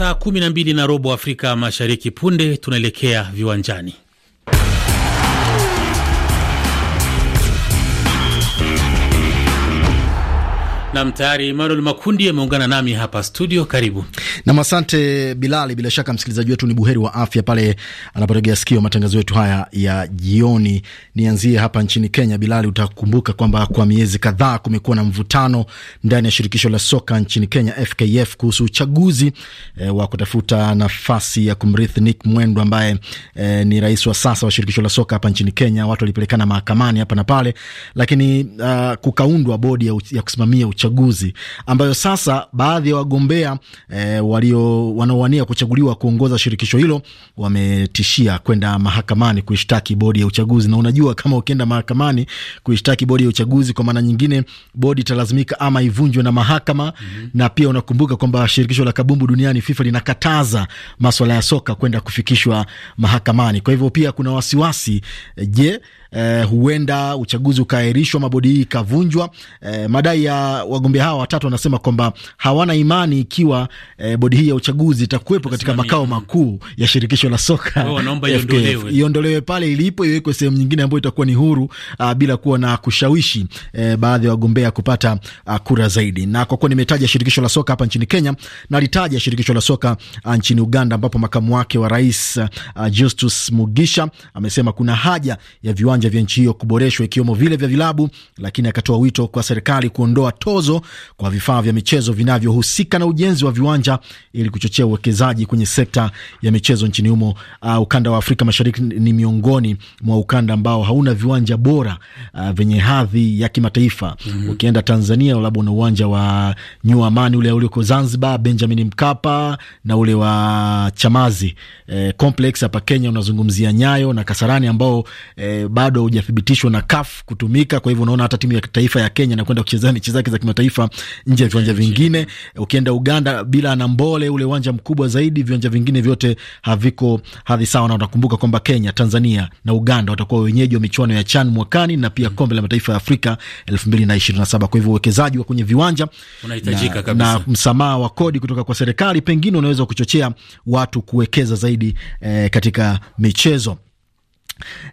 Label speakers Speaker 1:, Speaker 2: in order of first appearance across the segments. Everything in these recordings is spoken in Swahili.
Speaker 1: saa 12 na robo Afrika Mashariki. Punde tunaelekea viwanjani. Nam tayari Emmanuel Makundi ameungana nami hapa studio, karibu
Speaker 2: nam. Asante Bilali. Bila shaka msikilizaji wetu ni buheri wa afya pale anapotegea sikio matangazo yetu haya ya jioni. Nianzie hapa nchini Kenya. Bilali, utakumbuka kwamba kwa miezi kadhaa kumekuwa na mvutano ndani ya shirikisho la soka nchini Kenya, FKF, kuhusu uchaguzi e, wa kutafuta nafasi ya kumrithi Nick Mwendwa ambaye e, ni rais wa sasa wa shirikisho la soka hapa nchini Kenya. Watu walipelekana mahakamani hapa na pale, lakini uh, kukaundwa bodi ya, ya kusimamia uchaguzi ambayo sasa baadhi ya wagombea e, walio wanaowania kuchaguliwa kuongoza shirikisho hilo wametishia kwenda mahakamani kuishtaki bodi ya uchaguzi. Na unajua kama ukienda mahakamani kuishtaki bodi ya uchaguzi, kwa maana nyingine bodi italazimika ama ivunjwe na mahakama mm -hmm. Na pia unakumbuka kwamba shirikisho la kabumbu duniani FIFA linakataza maswala ya soka kwenda kufikishwa mahakamani. Kwa hivyo pia kuna wasiwasi eh, je, Uh, huenda uchaguzi ukaahirishwa, mabodi hii ikavunjwa. Uh, madai ya wagombea hawa watatu wanasema kwamba hawana imani ikiwa eh, bodi hii ya uchaguzi itakuwepo katika makao makuu ya shirikisho la soka oh, iondolewe pale ilipo, iwekwe sehemu nyingine ambayo itakuwa ni huru uh, bila kuwa na kushawishi eh, baadhi ya wagombea kupata uh, kura zaidi. Na kwa kuwa nimetaja shirikisho la soka hapa nchini Kenya, nalitaja shirikisho la soka uh, nchini Uganda ambapo makamu wake wa rais uh, Justus Mugisha amesema kuna haja ya viwanja vya nchi hiyo kuboreshwa ikiwemo vile vya vilabu, lakini akatoa wito kwa serikali kuondoa tozo mwongozo kwa vifaa vya michezo vinavyohusika na ujenzi wa viwanja ili kuchochea uwekezaji kwenye sekta ya michezo nchini humo. Uh, ukanda wa Afrika Mashariki ni miongoni mwa ukanda ambao hauna viwanja bora uh, vyenye hadhi ya kimataifa. Mm -hmm. Ukienda Tanzania labda una uwanja wa New Amani ule ulioko Zanzibar, Benjamin Mkapa na ule wa Chamazi eh, complex. Hapa Kenya unazungumzia Nyayo na Kasarani ambao eh, bado haujathibitishwa na CAF kutumika. Kwa hivyo unaona hata timu ya taifa ya Kenya na kwenda kuchezea michezo yake za kimataifa nje ya viwanja vingine. Ukienda Uganda bila Nambole, ule uwanja mkubwa zaidi, viwanja vingine vyote haviko hadhi sawa, na utakumbuka kwamba Kenya, Tanzania na Uganda watakuwa wenyeji wa michuano ya CHAN mwakani na pia mm. kombe la mataifa ya Afrika 2027. Kwa hivyo uwekezaji wa kwenye viwanja unahitajika na, kabisa na msamaha wa kodi kutoka kwa serikali pengine unaweza kuchochea watu kuwekeza zaidi eh, katika michezo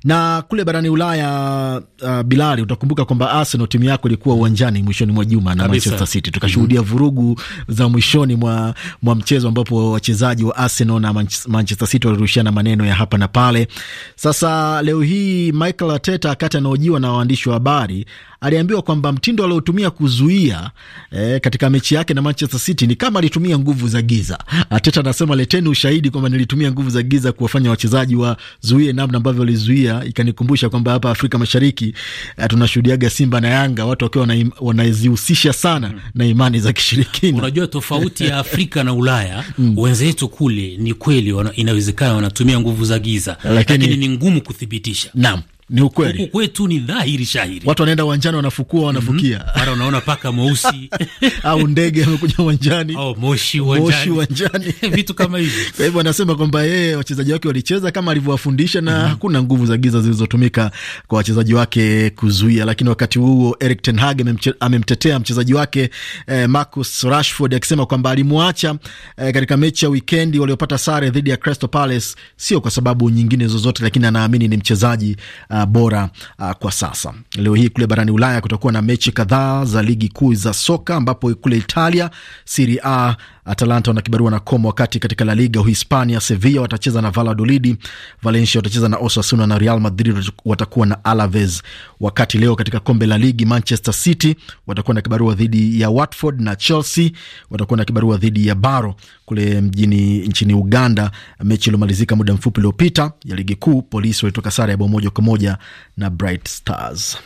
Speaker 2: na kule barani Ulaya uh, Bilali, utakumbuka kwamba Arsenal timu yako ilikuwa uwanjani mwishoni mwa juma na Manchester City, tukashuhudia mm -hmm. vurugu za mwishoni mwa, mwa mchezo ambapo wachezaji wa Arsenal na Manchester City walirushiana maneno ya hapa na pale. Sasa leo hii Michael Arteta, akati anaojiwa na waandishi wa habari, aliambiwa kwamba mtindo aliotumia kuzuia eh, katika mechi yake na Manchester City ni kama alitumia nguvu za giza. Ateta anasema leteni ushahidi kwamba nilitumia nguvu za giza kuwafanya wachezaji wazuie namna ambavyo walizuia. Ikanikumbusha kwamba hapa Afrika Mashariki eh, tunashuhudiaga Simba na Yanga watu wakiwa wanazihusisha sana mm, na imani za kishirikina.
Speaker 1: Unajua tofauti
Speaker 2: ya Afrika na Ulaya mm, wenzetu kule ni kweli inawezekana wanatumia nguvu za giza lakini, lakini ni ngumu kuthibitisha. Naam. Ni ukweli. Huku kwetu ni dhahiri shahiri, watu wanaenda uwanjani, wanafukua, mhm. wanafukia mara mm -hmm. Unaona paka mweusi au ndege amekuja uwanjani au moshi uwanjani, vitu kama hivi. Kwa hivyo anasema kwamba yeye wachezaji wake walicheza kama alivyowafundisha na mm -hmm. hakuna nguvu za giza zilizotumika kwa wachezaji wake kuzuia. Lakini wakati huo Erik ten Hag amemtetea mchezaji wake eh, Marcus Rashford akisema kwamba alimwacha eh, katika mechi ya wikendi waliopata sare dhidi ya Crystal Palace sio kwa sababu nyingine zozote, lakini anaamini ni mchezaji uh, uh, bora uh, kwa sasa. Leo hii kule barani Ulaya kutakuwa na mechi kadhaa za ligi kuu za soka ambapo kule Italia Serie A Atalanta wana kibarua na Como, wakati katika La Liga Uhispania Sevilla watacheza na Valladolid, Valencia watacheza na Osasuna na Real Madrid watakuwa na Alaves. Wakati leo katika kombe la ligi Manchester City watakuwa na kibarua dhidi ya Watford na Chelsea watakuwa na kibarua dhidi ya Baro kule mjini nchini Uganda. Mechi iliyomalizika muda mfupi uliopita ya ligi kuu, polisi walitoka sare ya bao moja kwa moja na Bright Stars.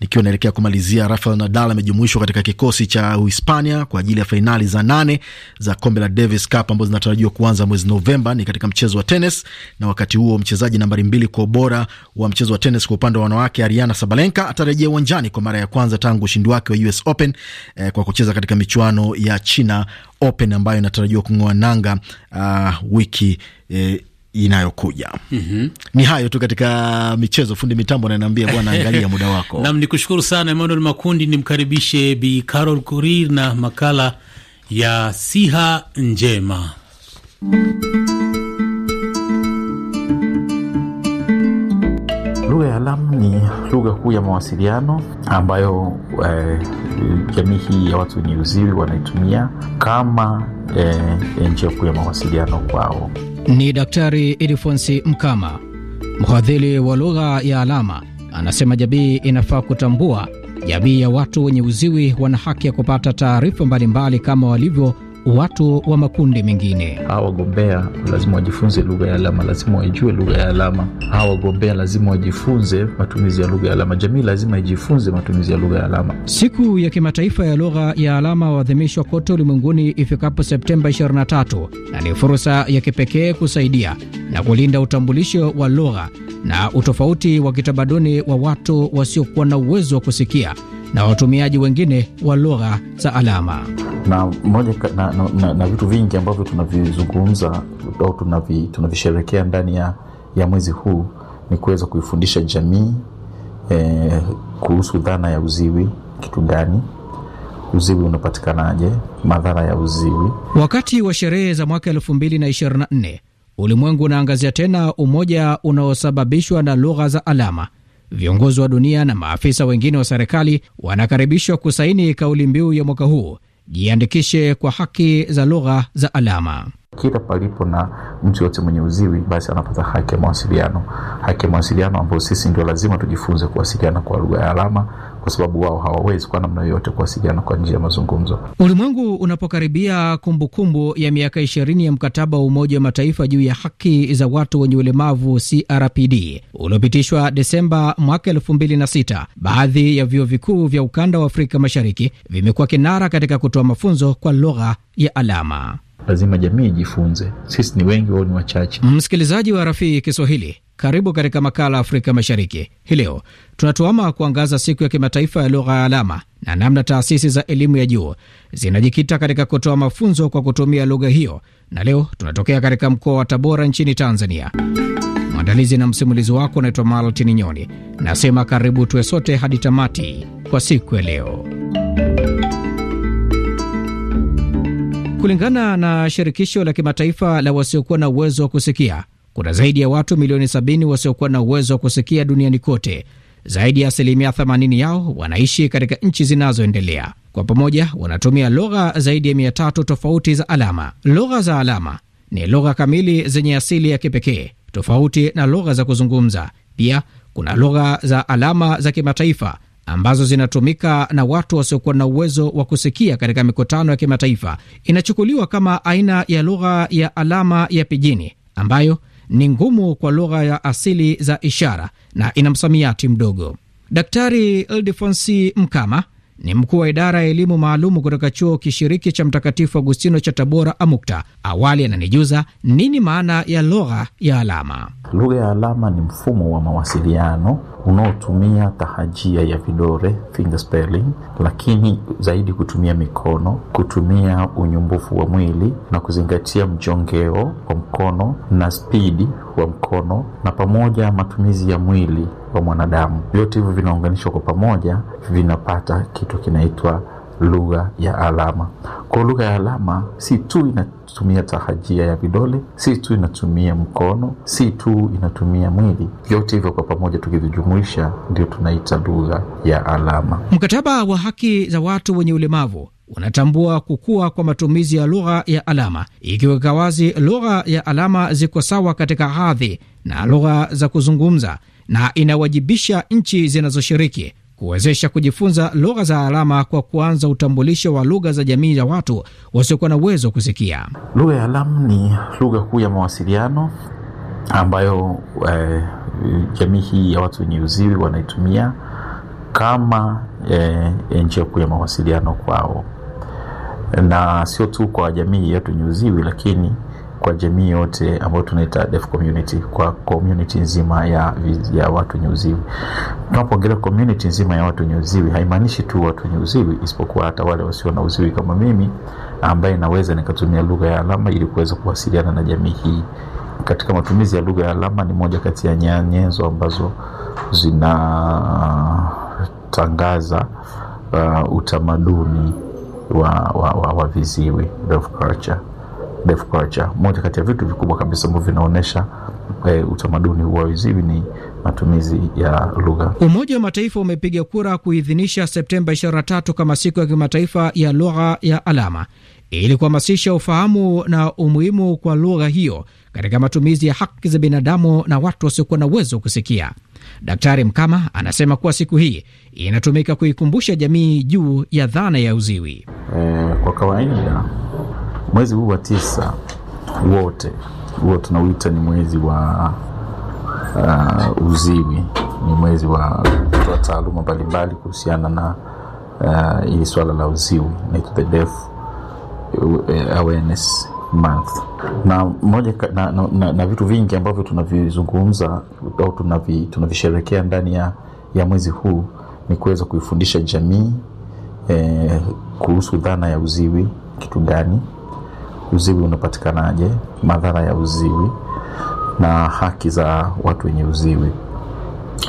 Speaker 2: Nikiwa naelekea kumalizia, Rafael Nadal amejumuishwa katika kikosi cha Uhispania kwa ajili ya fainali za nane za kombe la Davis Cup ambazo zinatarajiwa kuanza mwezi Novemba. Ni katika mchezo wa tenis, na wakati huo mchezaji nambari mbili kwa ubora wa mchezo wa tenis kwa upande wa wanawake Ariana Sabalenka atarejea uwanjani kwa mara ya kwanza tangu ushindi wake wa US Open eh, kwa kucheza katika michuano ya China Open ambayo inatarajiwa kung'oa nanga uh, wiki eh, inayokuja. mm -hmm. Ni hayo tu katika michezo. Fundi mitambo ananiambia bwana, angalia muda wako
Speaker 1: nam. Ni kushukuru sana Emmanuel Makundi, nimkaribishe Bi Carol Kurir na makala ya siha njema. Lugha ya alamu ni lugha kuu ya mawasiliano ambayo eh, jamii hii ya watu wenye uziwi wanaitumia kama eh, eh njia kuu ya mawasiliano kwao
Speaker 3: ni Daktari edifonsi Mkama, mhadhiri wa lugha ya alama, anasema jamii inafaa kutambua jamii ya watu wenye uziwi wana haki ya kupata taarifa mbalimbali kama walivyo watu wa makundi mengine.
Speaker 1: Hawa wagombea lazima wajifunze lugha ya alama, lazima waijue lugha ya alama. Hawa wagombea lazima wajifunze matumizi ya lugha ya alama. Jamii lazima ijifunze matumizi ya lugha ya alama.
Speaker 3: Siku ya kimataifa ya lugha ya alama waadhimishwa kote ulimwenguni ifikapo Septemba 23 na ni fursa ya kipekee kusaidia na kulinda utambulisho wa lugha na utofauti wa kitamaduni wa watu wasiokuwa na uwezo wa kusikia na watumiaji wengine wa lugha za alama
Speaker 1: na, moja, na, na, na, na vitu vingi ambavyo tunavizungumza au tunavi, tunavisherekea ndani ya, ya mwezi huu ni kuweza kuifundisha jamii eh, kuhusu dhana ya uziwi, kitu gani uziwi unapatikanaje, madhara ya uziwi.
Speaker 3: Wakati wa sherehe za mwaka 224 ulimwengu unaangazia tena umoja unaosababishwa na lugha za alama viongozi wa dunia na maafisa wengine wa serikali wanakaribishwa kusaini kauli mbiu ya mwaka huu: jiandikishe kwa haki za lugha za alama.
Speaker 1: Kila palipo na mtu yote mwenye uziwi, basi anapata haki ya mawasiliano, haki ya mawasiliano ambayo sisi ndio lazima tujifunze kuwasiliana kwa lugha ya alama, kwa sababu wao hawawezi kwa namna yoyote kuwasiliana kwa njia ya mazungumzo.
Speaker 3: Ulimwengu unapokaribia kumbukumbu ya miaka ishirini ya mkataba wa Umoja wa Mataifa juu ya haki za watu wenye ulemavu CRPD uliopitishwa Desemba mwaka elfu mbili na sita, baadhi ya vyuo vikuu vya ukanda wa Afrika Mashariki vimekuwa kinara katika kutoa mafunzo kwa lugha ya alama
Speaker 1: lazima jamii ijifunze. Sisi ni wengi, wao ni wachache.
Speaker 3: Msikilizaji wa Rafii Kiswahili, karibu katika makala Afrika Mashariki. Hii leo tunatuama kuangaza siku ya kimataifa ya lugha ya alama na namna taasisi za elimu ya juu zinajikita katika kutoa mafunzo kwa kutumia lugha hiyo, na leo tunatokea katika mkoa wa Tabora nchini Tanzania. Mwandalizi na msimulizi wako unaitwa Martin Nyoni, nasema karibu tuwe sote hadi tamati kwa siku ya leo. Kulingana na shirikisho la kimataifa la wasiokuwa na uwezo wa kusikia, kuna zaidi ya watu milioni 70 wasiokuwa na uwezo wa kusikia duniani kote. Zaidi ya asilimia 80 yao wanaishi katika nchi zinazoendelea. Kwa pamoja wanatumia lugha zaidi ya 300 tofauti za alama. Lugha za alama ni lugha kamili zenye asili ya kipekee, tofauti na lugha za kuzungumza. Pia kuna lugha za alama za kimataifa ambazo zinatumika na watu wasiokuwa na uwezo wa kusikia katika mikutano ya kimataifa inachukuliwa kama aina ya lugha ya alama ya pijini ambayo ni ngumu kwa lugha ya asili za ishara na ina msamiati mdogo. Daktari Ildefonsi Mkama ni mkuu wa idara ya elimu maalumu kutoka chuo kishiriki cha Mtakatifu Agustino cha Tabora, AMUKTA. Awali ananijuza nini maana ya lugha ya alama. Lugha
Speaker 1: ya alama ni mfumo wa mawasiliano unaotumia tahajia ya vidole spelling, lakini zaidi kutumia mikono, kutumia unyumbufu wa mwili na kuzingatia mjongeo wa mkono na spidi wa mkono na pamoja matumizi ya mwili wa mwanadamu. Vyote hivyo vinaunganishwa kwa pamoja, vinapata kitu kinaitwa lugha ya alama. Kwa lugha ya alama, si tu inatumia tahajia ya vidole, si tu inatumia mkono, si tu inatumia mwili. Vyote hivyo kwa pamoja tukivijumuisha, ndio tunaita lugha ya alama.
Speaker 3: Mkataba wa haki za watu wenye ulemavu unatambua kukua kwa matumizi ya lugha ya alama, ikiweka wazi lugha ya alama ziko sawa katika hadhi na lugha za kuzungumza, na inawajibisha nchi zinazoshiriki kuwezesha kujifunza lugha za alama kwa kuanza utambulisho wa lugha za jamii ya watu wasiokuwa na uwezo wa kusikia. Lugha ya alama
Speaker 1: ni lugha kuu ya mawasiliano ambayo eh, jamii hii ya watu wenye uziwi wanaitumia kama eh, njia kuu ya mawasiliano kwao na sio tu kwa jamii yetu nyuziwi lakini kwa jamii yote ambayo tunaita deaf community kwa community nzima ya, ya watu nyeuziwi tunapoongelea community nzima ya watu nyeuziwi haimaanishi tu watu nyeuziwi isipokuwa hata wale wasio na uziwi kama mimi ambaye naweza nikatumia lugha ya alama ili kuweza kuwasiliana na jamii hii katika matumizi ya lugha ya alama ni moja kati ya nyenzo ambazo zinatangaza uh, utamaduni wa, wa, wa, wa viziwi deaf culture. Deaf culture, moja kati ya vitu vikubwa kabisa ambavyo vinaonyesha e, eh, utamaduni wa viziwi ni matumizi ya lugha.
Speaker 3: Umoja wa Mataifa umepiga kura kuidhinisha Septemba 23 kama siku ya kimataifa ya lugha ya alama ili kuhamasisha ufahamu na umuhimu kwa lugha hiyo katika matumizi ya haki za binadamu na watu wasiokuwa na uwezo wa kusikia. Daktari Mkama anasema kuwa siku hii inatumika kuikumbusha jamii juu ya dhana ya uziwi.
Speaker 1: E, kwa kawaida mwezi huu wa tisa wote huo tunauita ni mwezi wa uh, uziwi. Ni mwezi wa kutoa taaluma mbalimbali kuhusiana na uh, hili uh, swala la uziwi, uh, awareness month na moja na, na, na, na vitu vingi ambavyo tunavizungumza au tunavi, tunavisherekea ndani ya, ya mwezi huu ni kuweza kuifundisha jamii eh, kuhusu dhana ya uziwi kitu gani uziwi unapatikanaje madhara ya uziwi na haki za watu wenye uziwi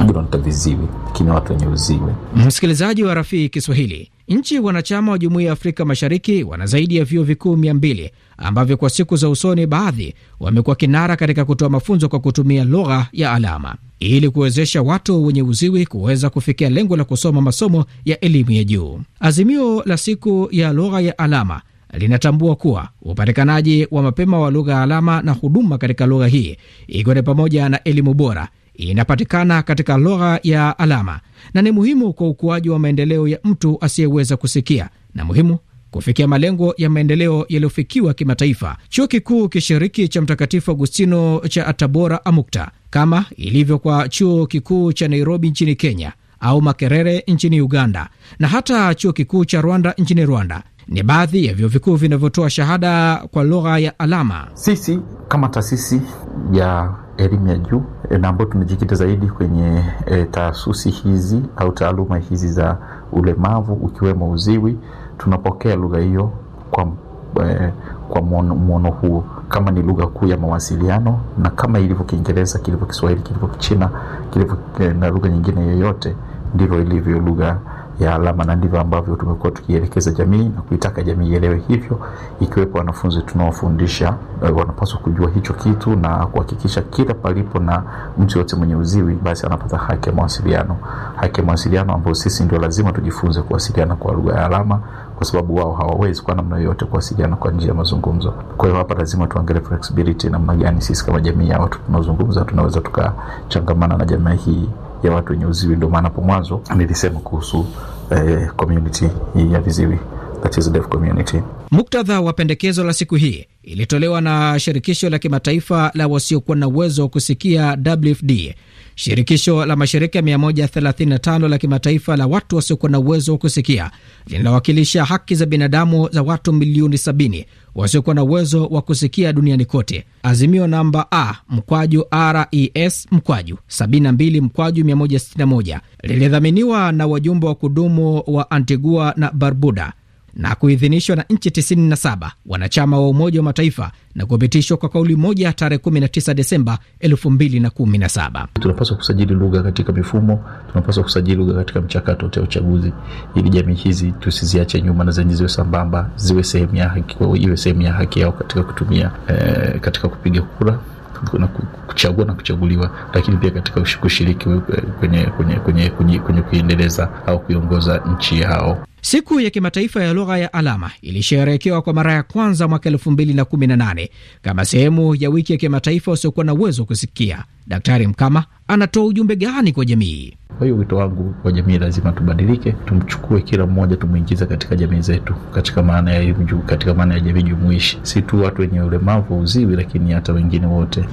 Speaker 1: bila nitaviziwi lakini watu wenye uziwi
Speaker 3: msikilizaji wa rafii kiswahili Nchi wanachama wa Jumuiya ya Afrika Mashariki wana zaidi ya vyuo vikuu mia mbili ambavyo kwa siku za usoni baadhi wamekuwa kinara katika kutoa mafunzo kwa kutumia lugha ya alama ili kuwezesha watu wenye uziwi kuweza kufikia lengo la kusoma masomo ya elimu ya juu. Azimio la siku ya lugha ya alama linatambua kuwa upatikanaji wa mapema wa lugha ya alama na huduma katika lugha hii ikiwa ni pamoja na elimu bora inapatikana katika lugha ya alama na ni muhimu kwa ukuaji wa maendeleo ya mtu asiyeweza kusikia na muhimu kufikia malengo ya maendeleo yaliyofikiwa kimataifa. Chuo Kikuu Kishiriki cha Mtakatifu Agustino cha Tabora Amukta, kama ilivyo kwa Chuo Kikuu cha Nairobi nchini Kenya au Makerere nchini Uganda na hata Chuo Kikuu cha Rwanda nchini Rwanda ni baadhi ya vyuo vikuu vinavyotoa shahada kwa lugha ya alama. Sisi
Speaker 1: kama taasisi ya elimu ya juu eh, na ambayo tumejikita zaidi kwenye e, eh, taasusi hizi au taaluma hizi za ulemavu ukiwemo uziwi, tunapokea lugha hiyo kwa, e, kwa mwono huo kama ni lugha kuu ya mawasiliano, na kama ilivyo Kiingereza, kilivyo Kiswahili, kilivyo Kichina, kilivyo na lugha nyingine yoyote, ndivyo ilivyo lugha ya alama, na ndivyo ambavyo tumekuwa tukielekeza jamii na kuitaka jamii ielewe hivyo, ikiwepo wanafunzi tunaofundisha eh, wanapaswa kujua hicho kitu na kuhakikisha kila palipo na mtu yote mwenye uziwi basi anapata haki ya mawasiliano, haki ya mawasiliano ambayo sisi ndio lazima tujifunze kuwasiliana kwa lugha ya alama kwa sababu wao hawawezi kwa namna yoyote kuwasiliana kwa njia ya mazungumzo. Kwa hiyo hapa lazima tuangalie flexibility, namna gani sisi kama jamii ya watu tunaozungumza tunaweza tukachangamana na jamii hii ya watu wenye uziwi. Ndio maana hapo mwanzo nilisema kuhusu eh, community ya viziwi that is deaf community.
Speaker 3: Muktadha wa pendekezo la siku hii ilitolewa na shirikisho la kimataifa la wasiokuwa na uwezo wa kusikia WFD, shirikisho la mashirika 135 la kimataifa la watu wasiokuwa na uwezo wa kusikia linawakilisha haki za binadamu za watu milioni 70 wasiokuwa na uwezo wa kusikia duniani kote. Azimio namba A mkwaju RES mkwaju 72 mkwaju 161 lilidhaminiwa na wajumbe wa kudumu wa Antigua na Barbuda na kuidhinishwa na nchi 97 wanachama wa Umoja wa Mataifa na kupitishwa kwa kauli moja tarehe 19 Desemba 2017.
Speaker 1: Tunapaswa kusajili lugha katika mifumo, tunapaswa kusajili lugha katika mchakato ya uchaguzi, ili jamii hizi tusiziache nyuma na zenye ziwe sambamba, ziwe sehemu ya haki, iwe sehemu ya haki yao katika kutumia eh, katika kupiga kura na kuchagua na kuchaguliwa, lakini pia katika kushiriki kwenye, kwenye, kwenye, kwenye, kwenye kuiendeleza au kuiongoza nchi yao.
Speaker 3: Siku ya kimataifa ya lugha ya alama ilisherehekewa kwa mara ya kwanza mwaka nane kama sehemu ya wiki ya kimataifa wasiokuwa na uwezo wa kusikia. Daktari Mkama anatoa ujumbe gani kwa jamii?
Speaker 1: Kwa hiyo wito wangu kwa jamii, lazima tubadilike, tumchukue kila mmoja, tumwingize katika jamii zetu, katika maana ya elimu juu, katika maana ya jamii jumuishi, si tu watu wenye ulemavu wa uziwi, lakini hata wengine wote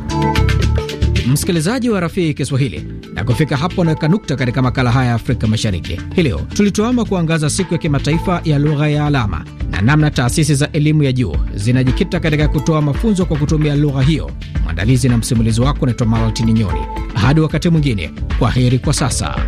Speaker 3: msikilizaji wa Rafiki Kiswahili, na kufika hapo naweka nukta katika makala haya ya Afrika Mashariki hii leo. Tulituama kuangaza siku ya kimataifa ya lugha ya alama na namna taasisi za elimu ya juu zinajikita katika kutoa mafunzo kwa kutumia lugha hiyo. Mwandalizi na msimulizi wako unaitwa Malatini Nyoni. Hadi wakati mwingine, kwa heri kwa sasa.